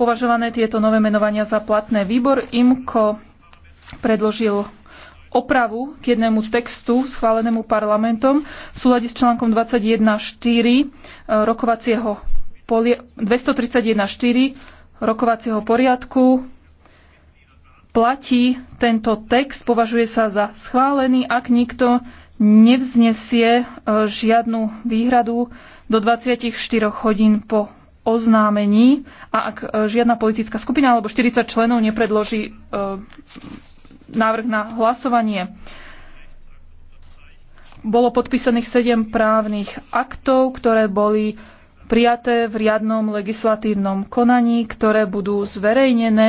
považované tieto nové menovania za platné. Výbor IMKO predložil opravu k jednému textu schválenému parlamentom v súlade s článkom 21.4 e, rokovacieho 231.4 rokovacieho poriadku platí tento text, považuje sa za schválený, ak nikto nevznesie e, žiadnu výhradu do 24 hodín po oznámení a ak e, žiadna politická skupina alebo 40 členov nepredloží e, návrh na hlasovanie. Bolo podpísaných 7 právnych aktov, ktoré boli prijaté v riadnom legislatívnom konaní, ktoré budú zverejnené